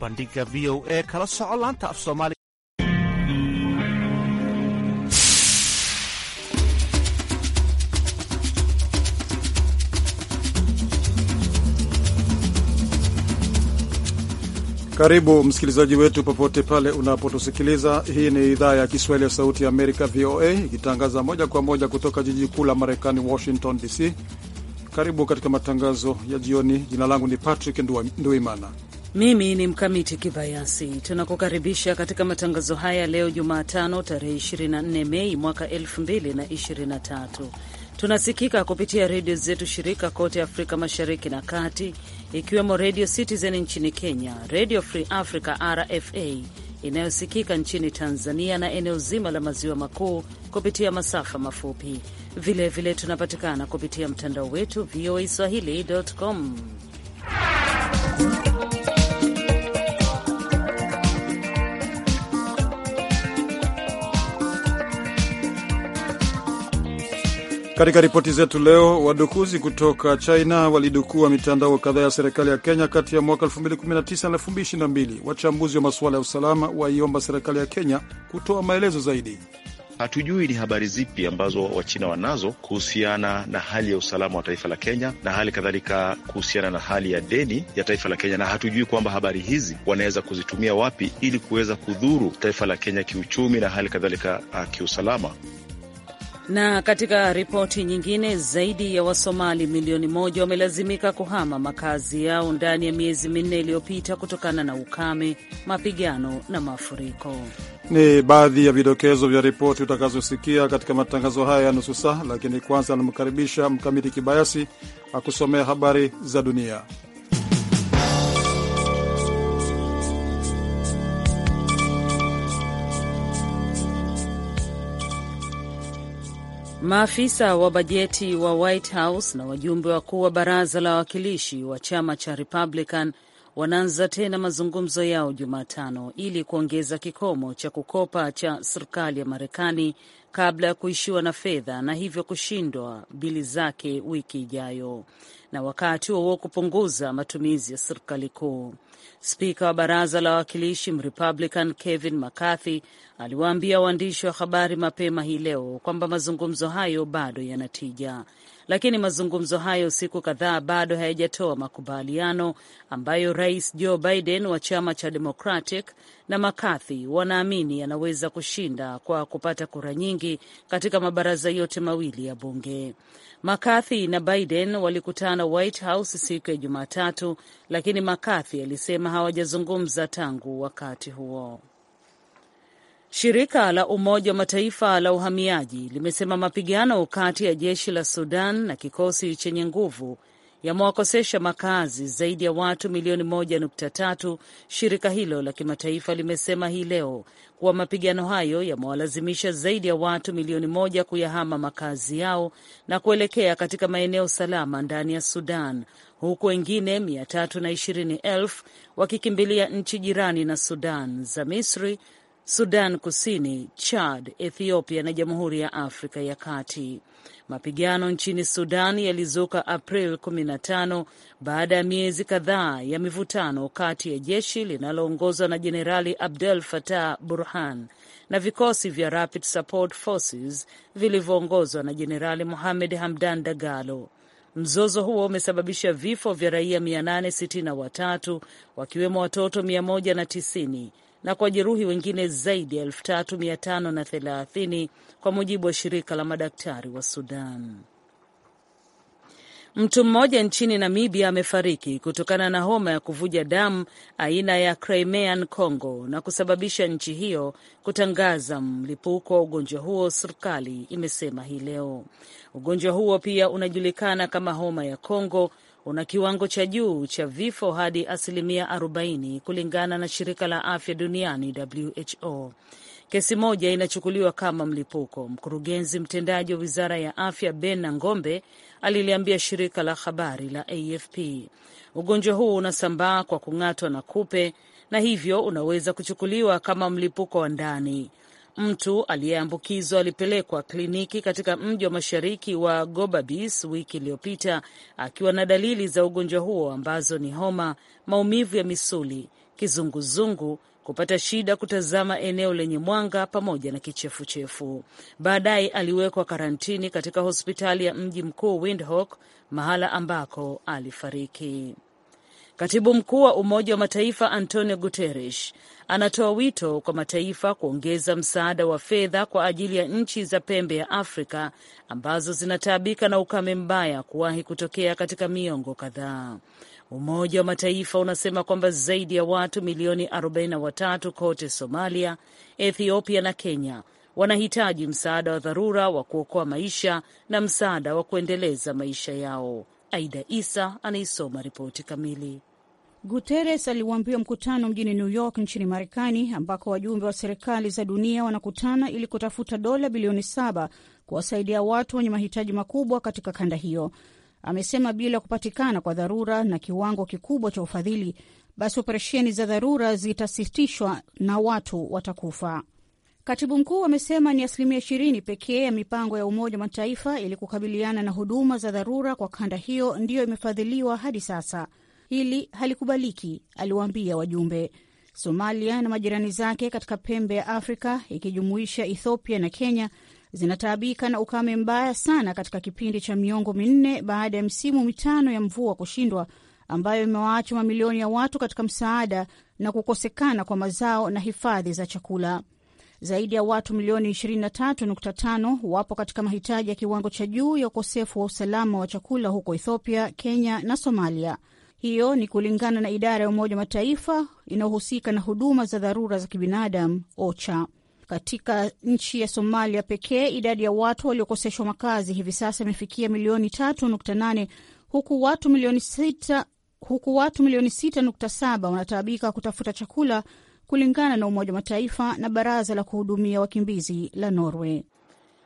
bandhiga v o a kala soco laanta af soomaali Karibu msikilizaji wetu popote pale unapotusikiliza. Hii ni idhaa ya Kiswahili ya Sauti ya Amerika, VOA, ikitangaza moja kwa moja kutoka jiji kuu la Marekani, Washington DC. Karibu katika matangazo ya jioni. Jina langu ni Patrick Nduimana mimi ni Mkamiti Kibayasi. Tunakukaribisha katika matangazo haya leo Jumatano, tarehe 24 Mei mwaka 2023. Tunasikika kupitia redio zetu shirika kote Afrika Mashariki na Kati, ikiwemo Redio Citizen nchini Kenya, Redio Free Africa RFA inayosikika nchini Tanzania na eneo zima la maziwa makuu kupitia masafa mafupi. Vilevile vile tunapatikana kupitia mtandao wetu voa swahili.com. Katika ripoti zetu leo, wadukuzi kutoka China walidukua mitandao kadhaa ya serikali ya Kenya kati ya mwaka 2019 na 2022. Wachambuzi wa masuala ya usalama waiomba serikali ya Kenya kutoa maelezo zaidi. Hatujui ni habari zipi ambazo Wachina wanazo kuhusiana na hali ya usalama wa taifa la Kenya na hali kadhalika kuhusiana na hali ya deni ya taifa la Kenya, na hatujui kwamba habari hizi wanaweza kuzitumia wapi ili kuweza kudhuru taifa la Kenya kiuchumi na hali kadhalika ah, kiusalama. Na katika ripoti nyingine, zaidi ya Wasomali milioni moja wamelazimika kuhama makazi yao ndani ya miezi minne iliyopita kutokana na ukame, mapigano na mafuriko. Ni baadhi ya vidokezo vya ripoti utakazosikia katika matangazo haya ya nusu saa, lakini kwanza anamkaribisha Mkamiti Kibayasi akusomea habari za dunia. Maafisa wa bajeti wa White House na wajumbe wakuu wa baraza la wawakilishi wa chama cha Republican wanaanza tena mazungumzo yao Jumatano ili kuongeza kikomo cha kukopa cha serikali ya Marekani kabla ya kuishiwa na fedha na hivyo kushindwa bili zake wiki ijayo, na wakati huo kupunguza matumizi ya serikali kuu. Spika wa baraza la wawakilishi Mrepublican Kevin McCarthy aliwaambia waandishi wa habari mapema hii leo kwamba mazungumzo hayo bado yanatija lakini mazungumzo hayo siku kadhaa bado hayajatoa makubaliano ambayo Rais Joe Biden wa chama cha Democratic na McCarthy wanaamini yanaweza kushinda kwa kupata kura nyingi katika mabaraza yote mawili ya bunge. McCarthy na Biden walikutana White House siku ya Jumatatu, lakini McCarthy alisema hawajazungumza tangu wakati huo. Shirika la Umoja wa Mataifa la uhamiaji limesema mapigano kati ya jeshi la Sudan na kikosi chenye nguvu yamewakosesha makazi zaidi ya watu milioni 1.3. Shirika hilo la kimataifa limesema hii leo kuwa mapigano hayo yamewalazimisha zaidi ya watu milioni moja kuyahama makazi yao na kuelekea katika maeneo salama ndani ya Sudan, huku wengine mia wakikimbilia nchi jirani na Sudan za Misri, Sudan Kusini, Chad, Ethiopia na Jamhuri ya Afrika ya Kati. Mapigano nchini Sudan yalizuka April 15 baada ya miezi kadhaa ya mivutano kati ya jeshi linaloongozwa na Jenerali Abdel Fattah Burhan na vikosi vya Rapid Support Forces vilivyoongozwa na Jenerali Mohamed Hamdan Dagalo. Mzozo huo umesababisha vifo vya raia 863 wakiwemo watoto 190 na jeruhi wengine zaidi ya 3530 kwa mujibu wa shirika la madaktari wa Sudan. Mtu mmoja nchini Namibia amefariki kutokana na homa ya kuvuja damu aina ya Crimean Congo na kusababisha nchi hiyo kutangaza mlipuko wa ugonjwa huo, serikali imesema hii leo. Ugonjwa huo pia unajulikana kama homa ya Congo una kiwango cha juu cha vifo hadi asilimia 40 kulingana na shirika la afya duniani WHO. Kesi moja inachukuliwa kama mlipuko. Mkurugenzi mtendaji wa wizara ya afya Ben Nangombe aliliambia shirika la habari la AFP ugonjwa huu unasambaa kwa kung'atwa na kupe na hivyo unaweza kuchukuliwa kama mlipuko wa ndani. Mtu aliyeambukizwa alipelekwa kliniki katika mji wa mashariki wa Gobabis wiki iliyopita akiwa na dalili za ugonjwa huo ambazo ni homa, maumivu ya misuli, kizunguzungu kupata shida kutazama eneo lenye mwanga pamoja na kichefuchefu. Baadaye aliwekwa karantini katika hospitali ya mji mkuu Windhoek, mahala ambako alifariki. Katibu mkuu wa Umoja wa Mataifa Antonio Guterres anatoa wito kwa mataifa kuongeza msaada wa fedha kwa ajili ya nchi za pembe ya Afrika ambazo zinataabika na ukame mbaya kuwahi kutokea katika miongo kadhaa. Umoja wa Mataifa unasema kwamba zaidi ya watu milioni 43 kote Somalia, Ethiopia na Kenya wanahitaji msaada wa dharura wa kuokoa maisha na msaada wa kuendeleza maisha yao. Aida Isa anaisoma ripoti kamili. Guterres aliuambia mkutano mjini New York nchini Marekani, ambako wajumbe wa serikali za dunia wanakutana ili kutafuta dola bilioni saba kuwasaidia watu wenye mahitaji makubwa katika kanda hiyo. Amesema bila kupatikana kwa dharura na kiwango kikubwa cha ufadhili, basi operesheni za dharura zitasitishwa na watu watakufa. Katibu mkuu amesema ni asilimia ishirini pekee ya mipango ya Umoja wa Mataifa ili kukabiliana na huduma za dharura kwa kanda hiyo ndiyo imefadhiliwa hadi sasa. Hili halikubaliki, aliwaambia wajumbe. Somalia na majirani zake katika pembe ya Afrika ikijumuisha Ethiopia na Kenya zinataabika na ukame mbaya sana katika kipindi cha miongo minne baada ya msimu mitano ya mvua kushindwa, ambayo imewaacha mamilioni ya watu katika msaada na kukosekana kwa mazao na hifadhi za chakula. Zaidi ya watu milioni 23.5 wapo katika mahitaji ya kiwango cha juu ya ukosefu wa usalama wa chakula huko Ethiopia, Kenya na Somalia. Hiyo ni kulingana na idara ya Umoja wa Mataifa inayohusika na huduma za dharura za kibinadamu, OCHA. Katika nchi ya Somalia pekee idadi ya watu waliokoseshwa makazi hivi sasa imefikia milioni 3.8 huku watu milioni 6 huku watu milioni 6.7 wanataabika kutafuta chakula kulingana na Umoja wa Mataifa na Baraza la Kuhudumia Wakimbizi la Norway.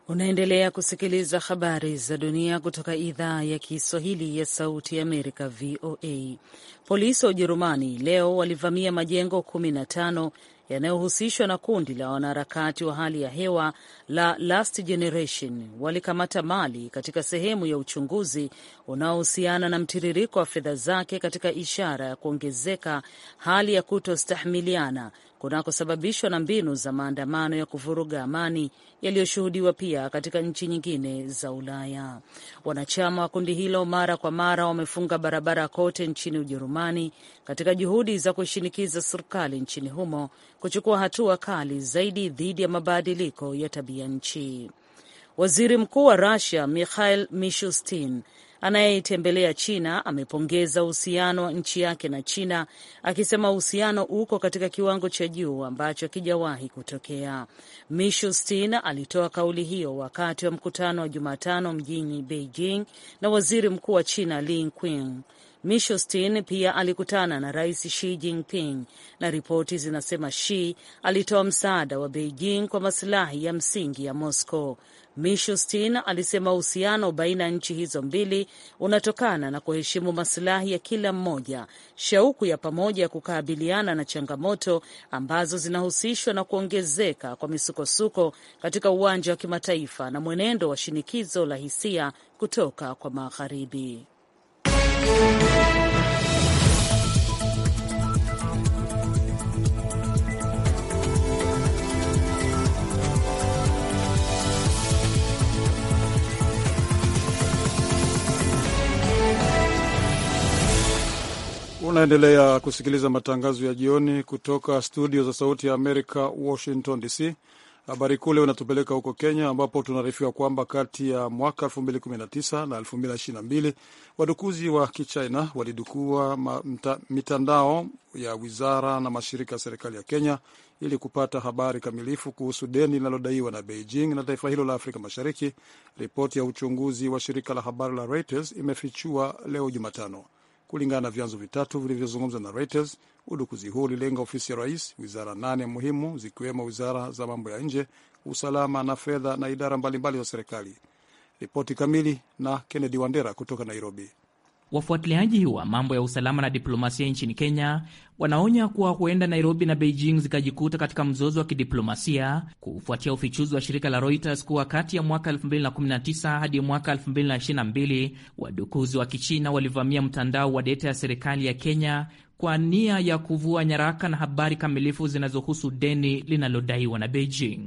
Unaendelea kusikiliza habari za dunia kutoka idhaa ya Kiswahili ya Sauti ya Amerika, VOA. Polisi wa Ujerumani leo walivamia majengo tano yanayohusishwa na kundi la wanaharakati wa hali ya hewa la Last Generation walikamata Mali katika sehemu ya uchunguzi unaohusiana na mtiririko wa fedha zake katika ishara ya kuongezeka hali ya kutostahimiliana kunakosababishwa na mbinu za maandamano ya kuvuruga amani yaliyoshuhudiwa pia katika nchi nyingine za Ulaya. Wanachama wa kundi hilo mara kwa mara wamefunga barabara kote nchini Ujerumani katika juhudi za kushinikiza serikali nchini humo kuchukua hatua kali zaidi dhidi ya mabadiliko ya tabia nchi. Waziri Mkuu wa Rusia Mikhail Mishustin anayeitembelea China amepongeza uhusiano wa nchi yake na China, akisema uhusiano uko katika kiwango cha juu ambacho hakijawahi kutokea. Mishustin alitoa kauli hiyo wakati wa mkutano wa Jumatano mjini Beijing na waziri mkuu wa China Li Qiang. Mishustin pia alikutana na rais Xi Jinping na ripoti zinasema Xi alitoa msaada wa Beijing kwa masilahi ya msingi ya Moscow. Mishustin alisema uhusiano baina ya nchi hizo mbili unatokana na kuheshimu masilahi ya kila mmoja, shauku ya pamoja ya kukabiliana na changamoto ambazo zinahusishwa na kuongezeka kwa misukosuko katika uwanja wa kimataifa na mwenendo wa shinikizo la hisia kutoka kwa Magharibi. Unaendelea kusikiliza matangazo ya jioni kutoka studio za Sauti ya Amerika, Washington DC. Habari kuu leo inatupeleka huko Kenya, ambapo tunaarifiwa kwamba kati ya mwaka 2019 na 2022 wadukuzi wa Kichina walidukua mitandao ya wizara na mashirika ya serikali ya Kenya ili kupata habari kamilifu kuhusu deni linalodaiwa na Beijing na taifa hilo la Afrika Mashariki. Ripoti ya uchunguzi wa shirika la habari la Reuters imefichua leo Jumatano kulingana na vyanzo vitatu vilivyozungumza na Reuters. Udukuzi huu ulilenga ofisi ya rais, wizara nane muhimu zikiwemo wizara za mambo ya nje, usalama na fedha na idara mbalimbali za serikali. Ripoti kamili na Kennedy Wandera kutoka Nairobi. Wafuatiliaji wa mambo ya usalama na diplomasia nchini Kenya wanaonya kuwa huenda Nairobi na Beijing zikajikuta katika mzozo wa kidiplomasia kufuatia ufichuzi wa shirika la Reuters kuwa kati ya mwaka 2019 hadi mwaka 2022 wadukuzi wa Kichina walivamia mtandao wa deta ya serikali ya Kenya kwa nia ya kuvua nyaraka na habari kamilifu zinazohusu deni linalodaiwa na Beijing.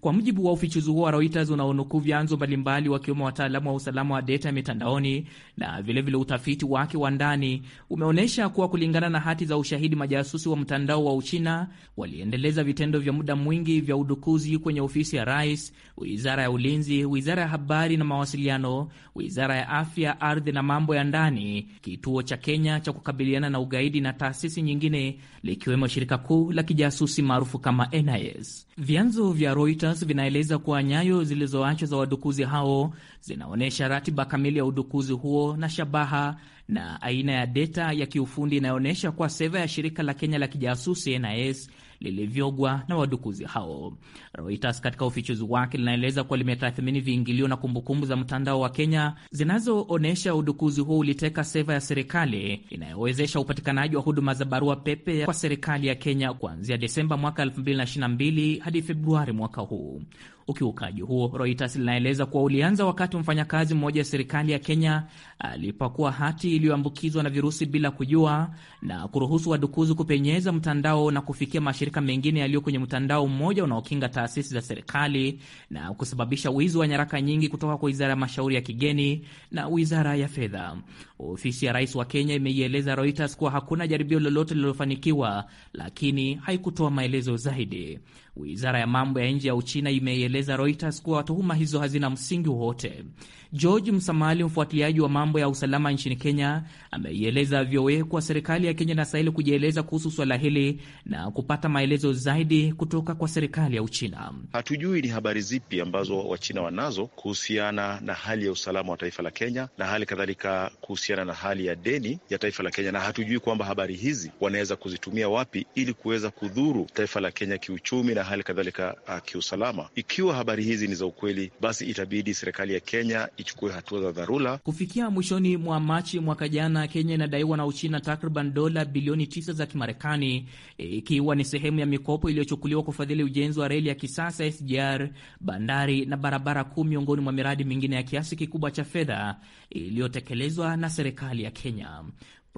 Kwa mujibu wa ufichuzi huo wa Reuters unaonukuu vyanzo mbalimbali, wakiwemo wataalamu wa usalama wa deta ya mitandaoni na vilevile vile utafiti wake wa ndani umeonyesha kuwa kulingana na hati za ushahidi, majasusi wa mtandao wa Uchina waliendeleza vitendo vya muda mwingi vya udukuzi kwenye ofisi ya rais, wizara ya ulinzi, wizara ya habari na mawasiliano, wizara ya afya, ardhi na mambo ya ndani, kituo cha Kenya cha kukabiliana na ugaidi na taasisi nyingine likiwemo shirika kuu la kijasusi maarufu kama NIS. Vyanzo vya Reuters vinaeleza kuwa nyayo zilizoachwa za wadukuzi hao zinaonyesha ratiba kamili ya udukuzi huo na shabaha na aina ya deta ya kiufundi inayoonyesha kuwa seva ya shirika la Kenya la kijasusi NIS lilivyogwa na wadukuzi hao. Reuters katika ufichuzi wake linaeleza kuwa limetathmini viingilio na kumbukumbu za mtandao wa Kenya zinazoonyesha udukuzi huo uliteka seva ya serikali inayowezesha upatikanaji wa huduma za barua pepe kwa serikali ya Kenya kuanzia Desemba mwaka 2022 hadi Februari mwaka huu. Ukiukaji huo, Reuters linaeleza kuwa ulianza wakati mfanyakazi mmoja wa serikali ya Kenya alipakua hati iliyoambukizwa na virusi bila kujua na kuruhusu wadukuzi kupenyeza mtandao na kufikia mashirika mengine yaliyo kwenye mtandao mmoja unaokinga taasisi za serikali na kusababisha wizi wa nyaraka nyingi kutoka kwa wizara ya mashauri ya kigeni na wizara ya fedha. Ofisi ya rais wa Kenya imeieleza Reuters kuwa hakuna jaribio lolote lililofanikiwa, lakini haikutoa maelezo zaidi. Wizara ya mambo ya nje ya Uchina imeieleza Reuters kuwa tuhuma hizo hazina msingi wowote. George Msamali, mfuatiliaji wa mambo ya usalama nchini Kenya, ameieleza VOA kuwa serikali ya Kenya inastahili kujieleza kuhusu swala hili na kupata maelezo zaidi kutoka kwa serikali ya Uchina. Hatujui ni habari zipi ambazo Wachina wanazo kuhusiana na hali ya usalama wa taifa la Kenya na hali kadhalika kuhusiana na hali ya deni ya taifa la Kenya, na hatujui kwamba habari hizi wanaweza kuzitumia wapi ili kuweza kudhuru taifa la Kenya kiuchumi na hali kadhalika ah, kiusalama. Ikiwa habari hizi ni za ukweli, basi itabidi serikali ya Kenya ichukue hatua za dharura. Kufikia mwishoni mwa Machi mwaka jana, Kenya inadaiwa na Uchina takriban dola bilioni tisa za Kimarekani, ikiwa ni sehemu ya mikopo iliyochukuliwa kufadhili ujenzi wa reli ya kisasa SGR, bandari na barabara kuu, miongoni mwa miradi mingine ya kiasi kikubwa cha fedha iliyotekelezwa na serikali ya Kenya.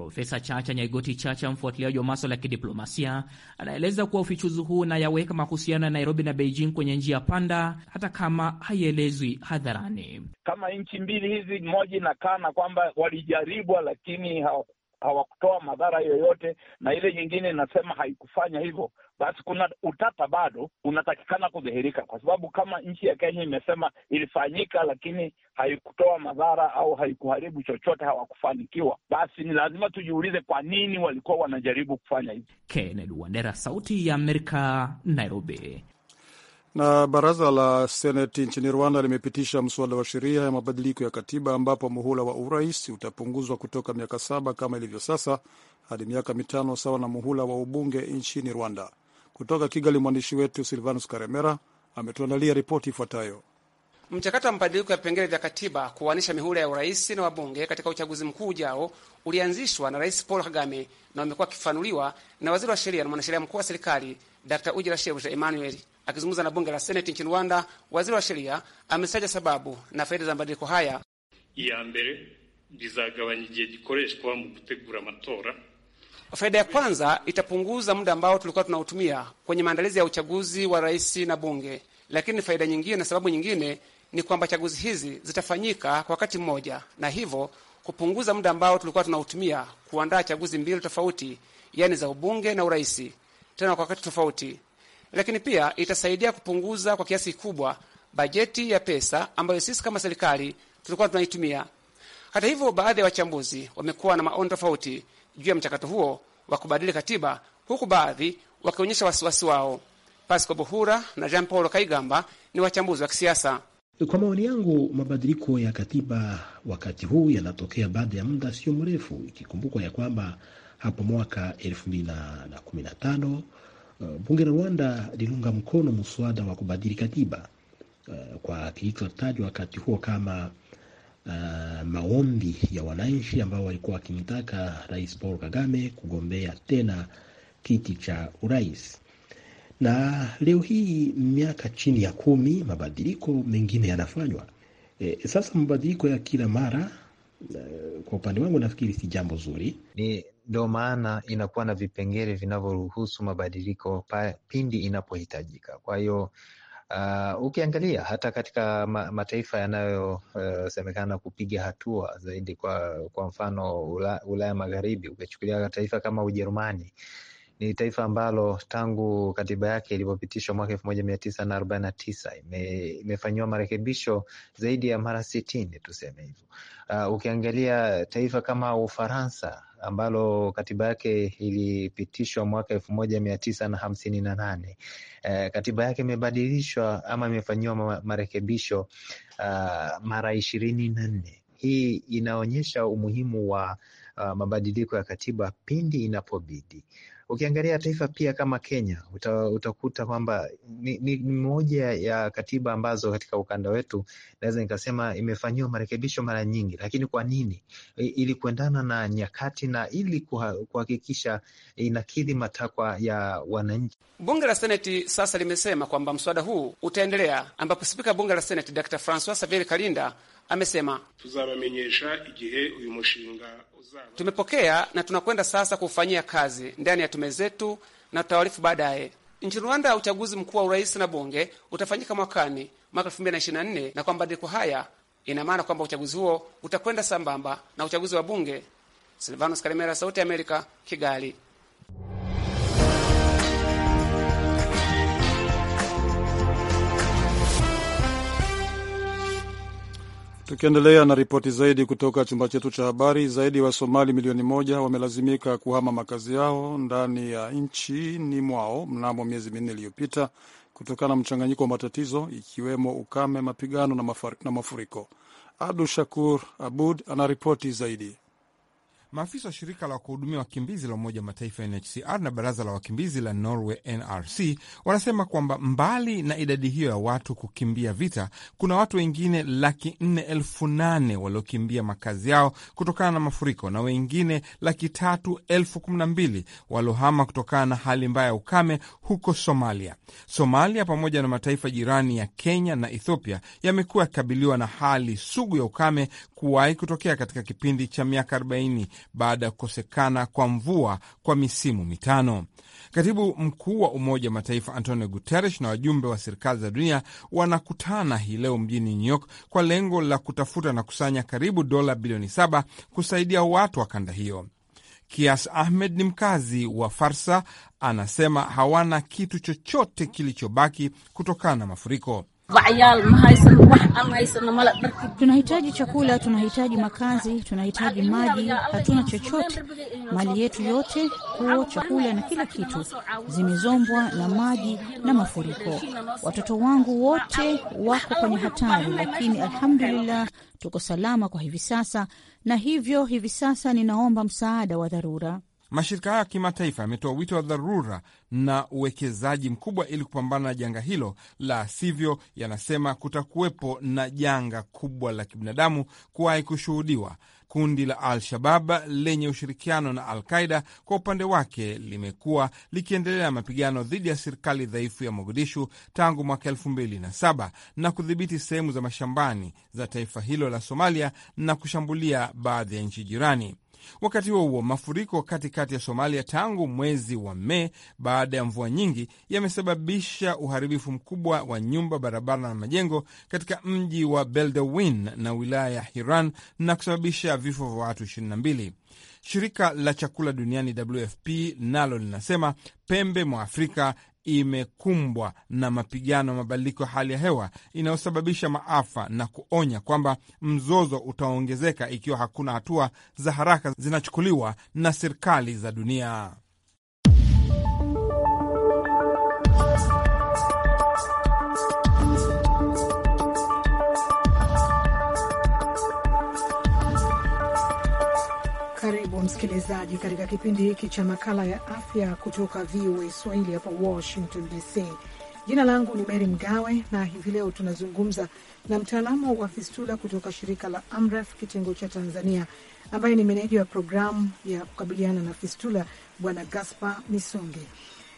Profesa Chacha Nyaigoti Chacha, mfuatiliaji wa maswala ya kidiplomasia, anaeleza kuwa ufichuzi huu unayaweka mahusiano ya Nairobi na Beijing kwenye njia panda, hata kama haielezwi hadharani. Kama nchi mbili hizi, moja inakaa na kwamba walijaribwa lakini hawakutoa madhara yoyote, na ile nyingine inasema haikufanya hivyo basi kuna utata bado unatakikana kudhihirika, kwa sababu kama nchi ya Kenya imesema ilifanyika, lakini haikutoa madhara au haikuharibu chochote, hawakufanikiwa, basi ni lazima tujiulize kwa nini walikuwa wanajaribu kufanya hivi. Kennedy Wandera, Sauti ya Amerika, Nairobi. Na baraza la seneti nchini Rwanda limepitisha mswada wa sheria ya mabadiliko ya katiba ambapo muhula wa urais utapunguzwa kutoka miaka saba kama ilivyo sasa hadi miaka mitano sawa na muhula wa ubunge nchini Rwanda. Kutoka Kigali, mwandishi wetu Silvanus Karemera ametuandalia ripoti ifuatayo. Mchakato wa mabadiliko ya vipengele vya katiba kuwanisha mihula ya urais na wabunge katika uchaguzi mkuu ujao ulianzishwa na Rais Paul Kagame na umekuwa akifanuliwa na waziri wa sheria na mwanasheria mkuu wa serikali Dr Ujira Shebuja Emmanuel. Akizungumza na bunge la seneti nchini Rwanda, waziri wa sheria ametaja sababu na faida za mabadiliko haya. iya mbere bizagabanya igihe gikoreshwa mu gutegura amatora Faida ya kwanza itapunguza muda ambao tulikuwa tunautumia kwenye maandalizi ya uchaguzi wa rais na bunge, lakini faida nyingine na sababu nyingine ni kwamba chaguzi hizi zitafanyika kwa wakati mmoja, na hivyo kupunguza muda ambao tulikuwa tunautumia kuandaa chaguzi mbili tofauti, yani za ubunge na urais, tena kwa wakati tofauti. Lakini pia itasaidia kupunguza kwa kiasi kikubwa bajeti ya pesa ambayo sisi kama serikali tulikuwa tunaitumia. Hata hivyo, baadhi ya wachambuzi wamekuwa na maoni tofauti juu ya mchakato huo wa kubadili katiba, huku baadhi wakionyesha wasiwasi wao. Pasco Buhura na Jean Paul Kaigamba ni wachambuzi wa kisiasa. Kwa maoni yangu, mabadiliko ya katiba wakati huu yanatokea baada ya muda sio mrefu, ikikumbukwa ya kwamba hapo mwaka elfu mbili na kumi na tano uh, bunge la Rwanda liliunga mkono mswada wa kubadili katiba uh, kwa kilichotajwa wakati huo kama uh, maombi ya wananchi ambao walikuwa wakimtaka Rais Paul Kagame kugombea tena kiti cha urais. Na leo hii miaka chini ya kumi, mabadiliko mengine yanafanywa. E, sasa mabadiliko ya kila mara eh, kwa upande wangu nafikiri si jambo zuri, ni ndo maana inakuwa na vipengele vinavyoruhusu mabadiliko pa, pindi inapohitajika. Kwa hiyo Uh, ukiangalia hata katika ma mataifa yanayosemekana uh, kupiga hatua zaidi kwa, kwa mfano Ulaya Ula Magharibi, ukichukulia taifa kama Ujerumani ni taifa ambalo tangu katiba yake ilipopitishwa mwaka elfu moja mia tisa na arobaini na tisa imefanyiwa marekebisho zaidi ya mara sitini, tuseme hivyo. Uh, ukiangalia taifa kama Ufaransa ambalo katiba yake ilipitishwa mwaka elfu moja mia tisa na hamsini na nane uh, katiba yake imebadilishwa ama imefanyiwa marekebisho uh, mara ishirini na nne. Hii inaonyesha umuhimu wa uh, mabadiliko ya katiba pindi inapobidi. Ukiangalia taifa pia kama Kenya uta, utakuta kwamba ni, ni moja ya katiba ambazo katika ukanda wetu naweza nikasema imefanyiwa marekebisho mara nyingi. Lakini kwa nini? Ili kuendana na nyakati na ili kuhakikisha inakidhi matakwa ya wananchi. Bunge la Seneti sasa limesema kwamba mswada huu utaendelea, ambapo spika bunge la Seneti Dr. Francois Xavier Kalinda amesema igihe uyu mushinga uzaba. Tumepokea na tunakwenda sasa kuufanyia kazi ndani ya tume zetu na tutawaarifu baadaye. Nchini Rwanda, uchaguzi mkuu wa urais na bunge utafanyika mwakani mwaka elfu mbili na ishirini na nne, na kwa mabadiliko haya ina maana kwamba uchaguzi huo utakwenda sambamba na uchaguzi wa bunge. Silvanos Karimera, Sauti ya Amerika, Kigali. Tukiendelea na ripoti zaidi kutoka chumba chetu cha habari, zaidi ya wa Wasomali milioni moja wamelazimika kuhama makazi yao ndani ya nchini mwao mnamo miezi minne iliyopita kutokana na mchanganyiko wa matatizo ikiwemo ukame, mapigano na mafuriko. Abdu Shakur Abud anaripoti zaidi. Maafisa wa shirika la kuhudumia wakimbizi la Umoja wa Mataifa UNHCR na baraza la wakimbizi la Norway NRC wanasema kwamba mbali na idadi hiyo ya watu kukimbia vita, kuna watu wengine laki nne elfu nane waliokimbia makazi yao kutokana na mafuriko na wengine laki tatu elfu kumi na mbili waliohama kutokana na hali mbaya ya ukame huko Somalia. Somalia pamoja na mataifa jirani ya Kenya na Ethiopia yamekuwa yakikabiliwa na hali sugu ya ukame kuwahi kutokea katika kipindi cha miaka 40 baada ya kukosekana kwa mvua kwa misimu mitano. Katibu mkuu wa Umoja wa Mataifa Antonio Guterres na wajumbe wa serikali za dunia wanakutana hii leo mjini New York kwa lengo la kutafuta na kusanya karibu dola bilioni saba kusaidia watu wa kanda hiyo. Kias Ahmed ni mkazi wa Farsa, anasema hawana kitu chochote kilichobaki kutokana na mafuriko. Tunahitaji chakula, tunahitaji makazi, tunahitaji maji, hatuna chochote. Mali yetu yote, kuo chakula na kila kitu zimezombwa na maji na mafuriko. Watoto wangu wote wako kwenye hatari, lakini alhamdulillah tuko salama kwa hivi sasa, na hivyo hivi sasa ninaomba msaada wa dharura. Mashirika hayo ya kimataifa yametoa wito wa dharura na uwekezaji mkubwa ili kupambana na janga hilo, la sivyo, yanasema kutakuwepo na janga kubwa la kibinadamu kuwahi kushuhudiwa. Kundi la Al-Shabab lenye ushirikiano na Al-Qaida kwa upande wake limekuwa likiendelea na mapigano dhidi ya serikali dhaifu ya Mogadishu tangu mwaka saba na kudhibiti sehemu za mashambani za taifa hilo la Somalia na kushambulia baadhi ya nchi jirani. Wakati huo huo, mafuriko katikati ya Somalia tangu mwezi wa Mei baada ya mvua nyingi yamesababisha uharibifu mkubwa wa nyumba, barabara na majengo katika mji wa Beledweyne na wilaya ya Hiran na kusababisha vifo vya watu 22. Shirika la chakula duniani WFP nalo linasema pembe mwa Afrika imekumbwa na mapigano ya mabadiliko ya hali ya hewa inayosababisha maafa na kuonya kwamba mzozo utaongezeka ikiwa hakuna hatua za haraka zinachukuliwa na serikali za dunia. msikilizaji katika kipindi hiki cha makala ya afya kutoka VOA Swahili hapa Washington DC. Jina langu ni mery Mgawe na hivi leo tunazungumza na mtaalamu wa fistula kutoka shirika la AMREF kitengo cha Tanzania, ambaye ni meneja wa programu ya kukabiliana na fistula, Bwana Gaspar Misonge.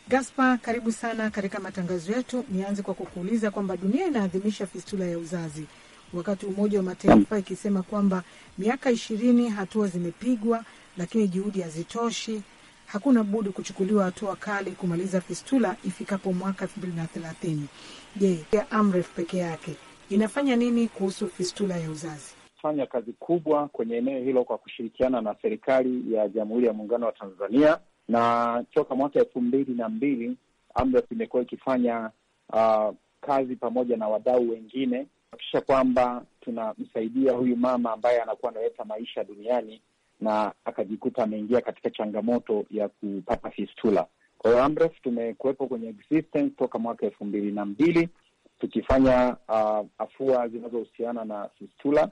Gaspar, karibu sana katika matangazo yetu. Nianze kwa kukuuliza kwamba dunia inaadhimisha fistula ya uzazi wakati Umoja wa Mataifa ikisema kwamba miaka ishirini hatua zimepigwa lakini juhudi hazitoshi. Hakuna budi kuchukuliwa hatua kali kumaliza fistula ifikapo mwaka elfu mbili na thelathini. Je, Amref peke yake inafanya nini kuhusu fistula ya uzazi? Fanya kazi kubwa kwenye eneo hilo kwa kushirikiana na serikali ya Jamhuri ya Muungano wa Tanzania, na toka mwaka elfu mbili na mbili Amref imekuwa ikifanya uh, kazi pamoja na wadau wengine kuhakikisha kwamba tunamsaidia huyu mama ambaye anakuwa analeta maisha duniani na akajikuta ameingia katika changamoto ya kupata fistula. Kwa hiyo AMREF tumekuwepo kwenye existence toka mwaka elfu mbili na mbili tukifanya uh, afua zinazohusiana na fistula,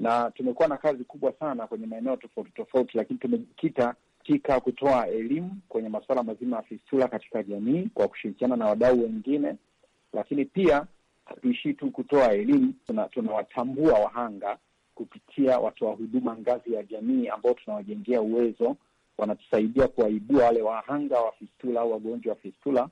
na tumekuwa na kazi kubwa sana kwenye maeneo tofauti tofauti, lakini tumejikita katika kutoa elimu kwenye masuala mazima ya fistula katika jamii kwa kushirikiana na wadau wengine, lakini pia hatuishii tu kutoa elimu, tunawatambua tuna wahanga kupitia watoa huduma ngazi ya jamii ambao tunawajengea uwezo, wanatusaidia kuwaibua wale wahanga wa fistula au wagonjwa wa fistula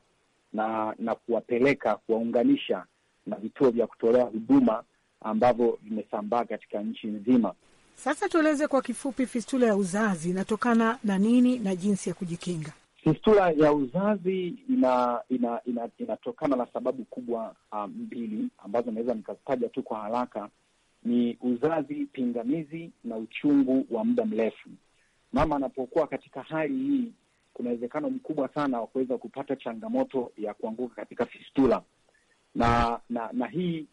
na na kuwapeleka kuwaunganisha na vituo vya kutolea huduma ambavyo vimesambaa katika nchi nzima. Sasa tueleze kwa kifupi, fistula ya uzazi inatokana na nini na jinsi ya kujikinga? Fistula ya uzazi ina, ina, ina, inatokana na sababu kubwa ah, mbili um, ambazo naweza nikazitaja tu kwa haraka ni uzazi pingamizi na uchungu wa muda mrefu. Mama anapokuwa katika hali hii, kuna uwezekano mkubwa sana wa kuweza kupata changamoto ya kuanguka katika fistula na na na hii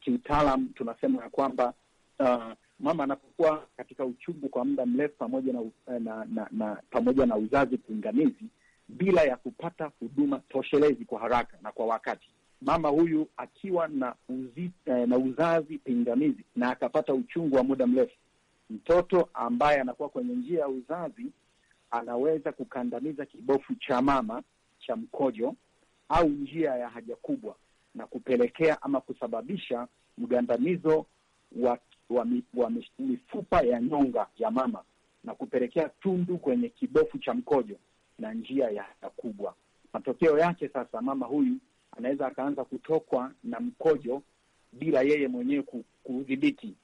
kiutaalam tunasema ya kwamba uh, mama anapokuwa katika uchungu kwa muda mrefu pamoja na, eh, na, na, na pamoja na uzazi pingamizi bila ya kupata huduma toshelezi kwa haraka na kwa wakati, mama huyu akiwa na uzi, eh, na uzazi pingamizi na akapata uchungu wa muda mrefu, mtoto ambaye anakuwa kwenye njia ya uzazi anaweza kukandamiza kibofu cha mama cha mkojo au njia ya haja kubwa na kupelekea ama kusababisha mgandamizo wa, wa, wa mifupa ya nyonga ya mama na kupelekea tundu kwenye kibofu cha mkojo na njia ya haja kubwa. Matokeo yake sasa, mama huyu anaweza akaanza kutokwa na mkojo bila yeye mwenyewe kudhibiti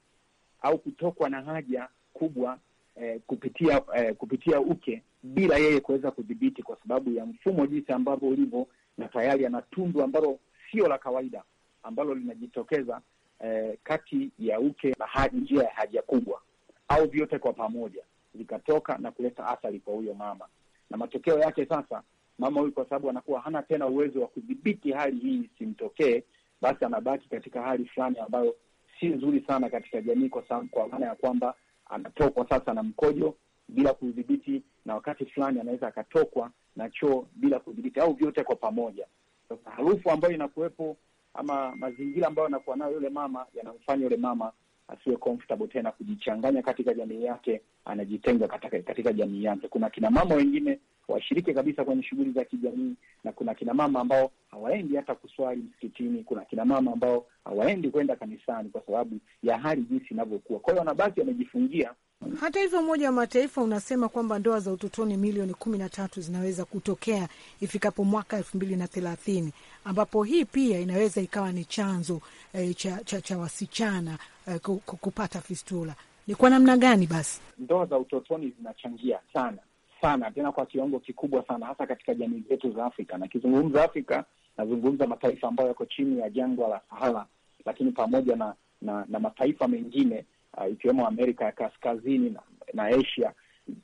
au kutokwa na haja kubwa eh, kupitia eh, kupitia uke bila yeye kuweza kudhibiti, kwa sababu ya mfumo jinsi ambavyo ulivyo, na tayari ana tundu ambalo sio la kawaida ambalo linajitokeza eh, kati ya uke na haja, njia ya haja kubwa au vyote kwa pamoja vikatoka na kuleta athari kwa huyo mama, na matokeo yake sasa mama huyu, kwa sababu anakuwa hana tena uwezo wa kudhibiti hali hii isimtokee, basi anabaki katika hali fulani ambayo si nzuri sana katika jamii, kwa sababu kwa maana ya kwamba anatokwa sasa na mkojo bila kudhibiti, na wakati fulani anaweza akatokwa na choo bila kudhibiti, au vyote kwa pamoja. Sasa harufu ambayo inakuwepo ama mazingira ambayo anakuwa nayo yule mama yanamfanya yule mama asiwe comfortable tena kujichanganya katika jamii yake, anajitenga katika, katika jamii yake. Kuna kina mama wengine washiriki kabisa kwenye shughuli za kijamii, na kuna kina mama ambao hawaendi hata kuswali msikitini, kuna kina mama ambao hawaendi kwenda kanisani kwa sababu ya hali jinsi inavyokuwa. Kwa hiyo wanabaki wamejifungia. Hata hivyo, Umoja wa Mataifa unasema kwamba ndoa za utotoni milioni kumi na tatu zinaweza kutokea ifikapo mwaka elfu mbili na thelathini ambapo hii pia inaweza ikawa ni chanzo eh, cha, cha, cha wasichana eh, kupata fistula. Ni kwa namna gani basi ndoa za utotoni zinachangia sana sana, tena kwa kiwango kikubwa sana, hasa katika jamii zetu za Afrika. Na kizungumza Afrika, nazungumza mataifa ambayo yako chini ya jangwa la Sahara, lakini pamoja na na, na mataifa mengine uh, ikiwemo Amerika ya Kaskazini na, na Asia.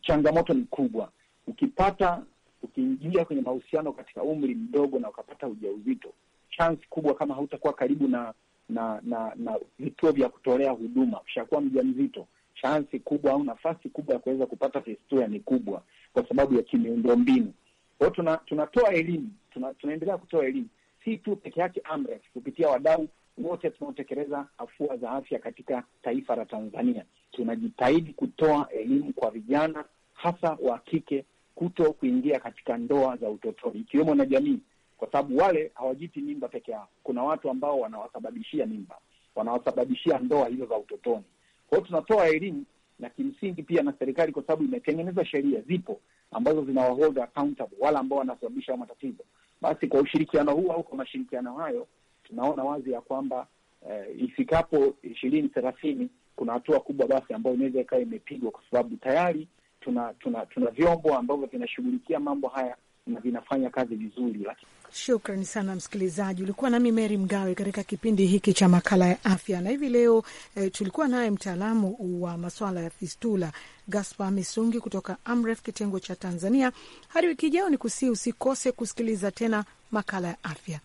Changamoto ni kubwa. Ukipata ukiingia kwenye mahusiano katika umri mdogo na ukapata ujauzito, chance kubwa kama hautakuwa karibu na na na, na vituo vya kutolea huduma, ushakuwa mja mzito chansi kubwa au nafasi kubwa ya kuweza kupata historia ni kubwa kwa sababu ya kimiundombinu. mbinu kwao. tuna, tunatoa elimu tuna, tunaendelea kutoa elimu si tu peke yake AMREF, kupitia wadau wote tunaotekeleza afua za afya katika taifa la Tanzania tunajitahidi kutoa elimu kwa vijana hasa wa kike kuto kuingia katika ndoa za utotoni ikiwemo na jamii, kwa sababu wale hawajiti mimba peke yao. Kuna watu ambao wanawasababishia mimba, wanawasababishia ndoa hizo za utotoni. Kwa hiyo tunatoa elimu na kimsingi pia na serikali, kwa sababu imetengeneza sheria zipo ambazo zinawahold accountable wale ambao wanasababisha matatizo. Basi kwa ushirikiano huu au kwa mashirikiano hayo tunaona wazi ya kwamba eh, ifikapo ishirini thelathini kuna hatua kubwa basi ambayo inaweza ikawa imepigwa, kwa sababu tayari tuna tuna tuna vyombo ambavyo vinashughulikia mambo haya na vinafanya kazi vizuri lakini Shukrani sana msikilizaji, ulikuwa nami Meri Mgawe katika kipindi hiki cha makala ya afya, na hivi leo eh, tulikuwa naye mtaalamu wa maswala ya fistula Gaspar Misungi kutoka Amref kitengo cha Tanzania. Hadi wiki ijao, ni kusii usikose kusikiliza tena makala ya afya.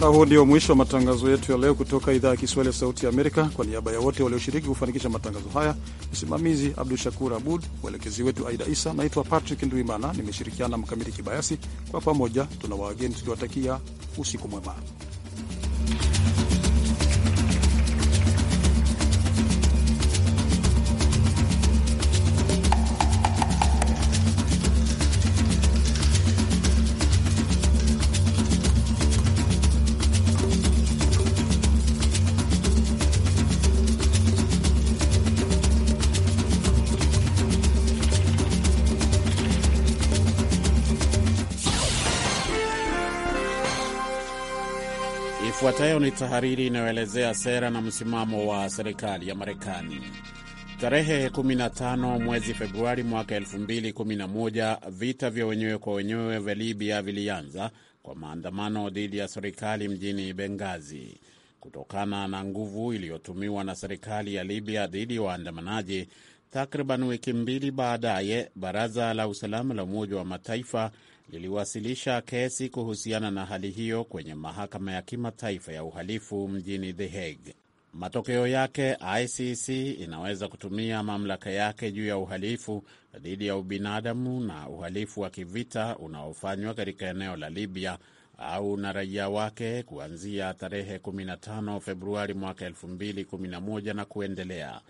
Na huu ndio mwisho wa matangazo yetu ya leo kutoka idhaa ya Kiswahili ya Sauti ya Amerika. Kwa niaba ya wote walioshiriki kufanikisha matangazo haya, msimamizi Abdu Shakur Abud, mwelekezi wetu Aida Isa. Naitwa Patrick nduimana nimeshirikiana na Mkamiti Kibayasi. Kwa pamoja tuna waageni tukiwatakia usiku mwema. ni tahariri inayoelezea sera na msimamo wa serikali ya Marekani. Tarehe 15 mwezi Februari mwaka 2011 vita vya wenyewe kwa wenyewe vya Libya vilianza kwa maandamano dhidi ya serikali mjini Bengazi. Kutokana na nguvu iliyotumiwa na serikali ya Libya dhidi ya wa waandamanaji, takriban wiki mbili baadaye, baraza la usalama la Umoja wa Mataifa liliwasilisha kesi kuhusiana na hali hiyo kwenye mahakama ya kimataifa ya uhalifu mjini The Hague. Matokeo yake, ICC inaweza kutumia mamlaka yake juu ya uhalifu dhidi ya ubinadamu na uhalifu wa kivita unaofanywa katika eneo la Libya au na raia wake kuanzia tarehe 15 Februari mwaka 2011 na kuendelea.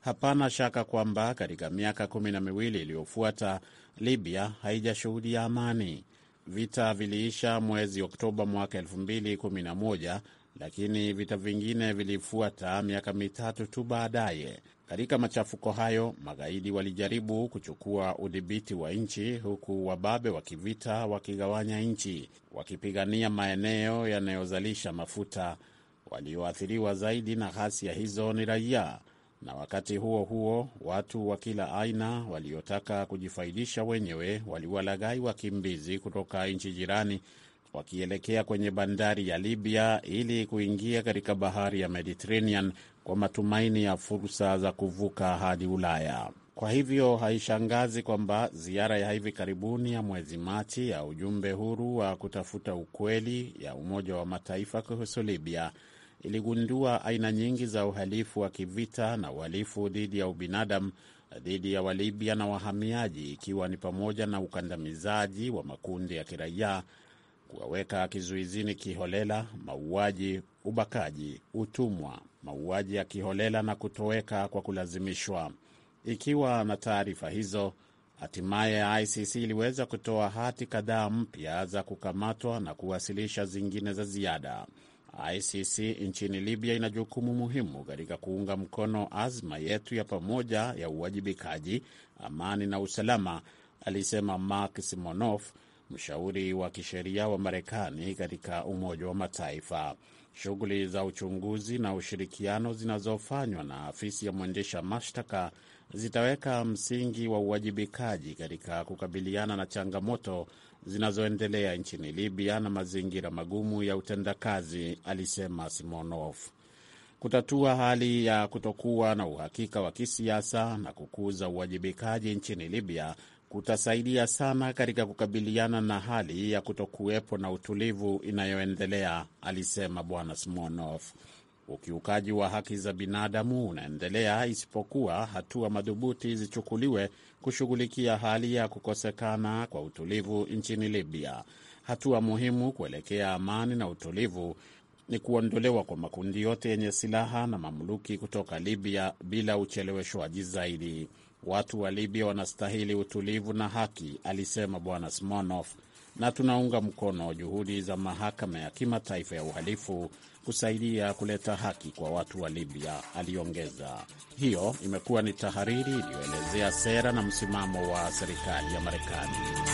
Hapana shaka kwamba katika miaka kumi na miwili iliyofuata Libya haijashuhudia amani. Vita viliisha mwezi Oktoba mwaka 2011 lakini vita vingine vilifuata miaka mitatu tu baadaye. Katika machafuko hayo, magaidi walijaribu kuchukua udhibiti wa nchi, huku wababe wa kivita wakigawanya nchi, wakipigania maeneo yanayozalisha mafuta. Walioathiriwa zaidi na ghasia hizo ni raia na wakati huo huo watu wa kila aina waliotaka kujifaidisha wenyewe waliwalaghai wakimbizi kutoka nchi jirani wakielekea kwenye bandari ya Libya ili kuingia katika bahari ya Mediterranean kwa matumaini ya fursa za kuvuka hadi Ulaya. Kwa hivyo haishangazi kwamba ziara ya hivi karibuni ya mwezi Machi ya ujumbe huru wa kutafuta ukweli ya Umoja wa Mataifa kuhusu Libya iligundua aina nyingi za uhalifu wa kivita na uhalifu dhidi ya ubinadamu dhidi ya Walibya na wahamiaji, ikiwa ni pamoja na ukandamizaji wa makundi ya kiraia, kuwaweka kizuizini kiholela, mauaji, ubakaji, utumwa, mauaji ya kiholela na kutoweka kwa kulazimishwa. Ikiwa na taarifa hizo, hatimaye ya ICC iliweza kutoa hati kadhaa mpya za kukamatwa na kuwasilisha zingine za ziada. ICC nchini Libya ina jukumu muhimu katika kuunga mkono azma yetu ya pamoja ya uwajibikaji, amani na usalama, alisema Mark Simonoff, mshauri wa kisheria wa Marekani katika Umoja wa Mataifa. Shughuli za uchunguzi na ushirikiano zinazofanywa na afisi ya mwendesha mashtaka zitaweka msingi wa uwajibikaji katika kukabiliana na changamoto zinazoendelea nchini Libya na mazingira magumu ya utendakazi, alisema Simonov. Kutatua hali ya kutokuwa na uhakika wa kisiasa na kukuza uwajibikaji nchini Libya kutasaidia sana katika kukabiliana na hali ya kutokuwepo na utulivu inayoendelea, alisema Bwana Simonov ukiukaji wa haki za binadamu unaendelea isipokuwa hatua madhubuti zichukuliwe kushughulikia hali ya kukosekana kwa utulivu nchini Libya. Hatua muhimu kuelekea amani na utulivu ni kuondolewa kwa makundi yote yenye silaha na mamluki kutoka Libya bila ucheleweshwaji zaidi. Watu wa Libya wanastahili utulivu na haki, alisema Bwana Smonoff na tunaunga mkono juhudi za mahakama ya kimataifa ya uhalifu kusaidia kuleta haki kwa watu wa Libya, aliongeza. Hiyo imekuwa ni tahariri iliyoelezea sera na msimamo wa serikali ya Marekani.